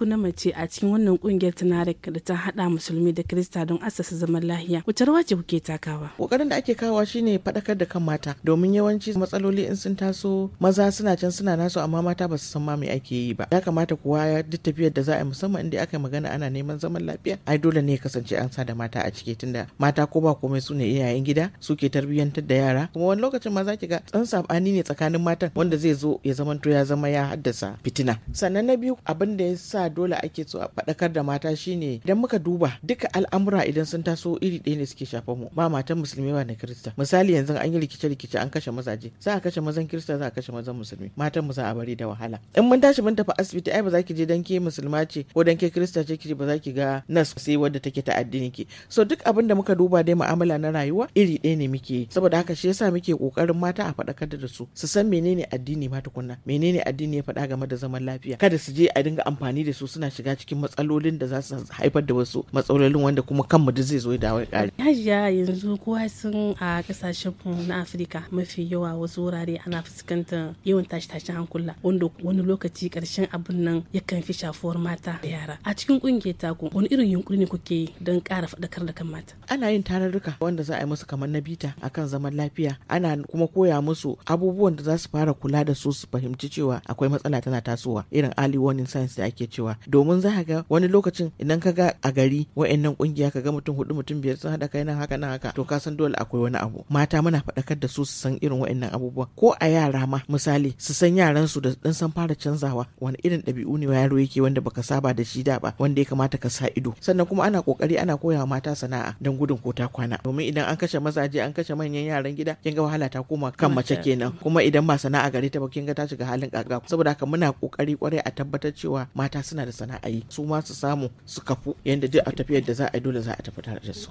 ku na mace a cikin wannan kungiyar tunarik da ta hada musulmi da kirista don asasa zaman lahiya wace rawa ce kuke takawa kokarin da ake kawa shine faɗakar da kan mata domin yawanci matsaloli in sun taso maza suna can suna nasu amma mata ba su san ma me ake yi ba ya kamata kuwa duk tafiyar da za a yi musamman inda aka magana ana neman zaman lafiya ai dole ne ya kasance an sa da mata a ciki tunda mata ko ba komai su ne iyayen gida suke tarbiyyantar da yara kuma wani lokacin ma za ki ga tsan sabani ne tsakanin matan wanda zai zo ya zamanto ya zama ya haddasa fitina sannan na biyu abin da ya sa dole ake so a faɗakar da mata shine idan muka duba duka al'amura idan sun taso iri ɗaya ne suke shafa mu ba matan musulmi ba na kirista misali yanzu an yi rikice-rikice an kashe mazaje za a kashe mazan kirista za a kashe mazan musulmi matan mu za a bari da wahala in mun tashi mun tafi asibiti ai ba za ki je dan ke musulma ce ko dan ke kirista ce ki ba za ki ga nas sai wadda take ta addini ki so duk abin da muka duba dai mu'amala na rayuwa iri ɗaya ne muke saboda haka shi yasa muke kokarin mata a faɗakar da su su san menene addini ma tukunna menene addini ya faɗa game da zaman lafiya kada su je a dinga amfani da su suna shiga cikin matsalolin da za su haifar da wasu matsalolin wanda kuma kanmu duk zai zo da wai kare yanzu kowa sun a kasashen mu na afirka mafi yawa wasu wurare ana fuskantar yawan tashi tashi hankula wanda wani lokaci karshen abin nan yakan fi shafuwar mata da yara a cikin kungiyar taku wani irin yunkuri ne kuke don ƙara faɗakar da kan mata ana yin tararruka wanda za a yi musu kamar na bita akan zaman lafiya ana kuma koya musu abubuwan da za su fara kula da su su fahimci cewa akwai matsala tana tasowa irin early warning signs da ake cewa cewa domin za ka ga wani lokacin idan ka ga a gari wa'annan kungiya ka ga mutum hudu mutum biyar sun haɗa kai nan haka nan haka to ka san dole akwai wani abu mata muna faɗakar da su su san irin wa'annan abubuwa ko a yara ma misali su san yaran su da dan san fara canzawa wani irin ɗabi'u ne yaro yake wanda baka saba da shi da ba wanda ya kamata ka sa ido sannan kuma ana kokari ana koyawa mata sana'a dan gudun ko ta kwana domin idan an kashe mazaje an kashe manyan yaran gida kin ga wahala ta koma kan mace kenan kuma idan ba sana'a gare ta ba kin ga ta shiga halin kaka saboda haka muna kokari kwarai a tabbatar cewa mata suna da sana'ayi su ma su samu su kafu yadda duk a tafiyar da za a yi dole za a tafi tare da su.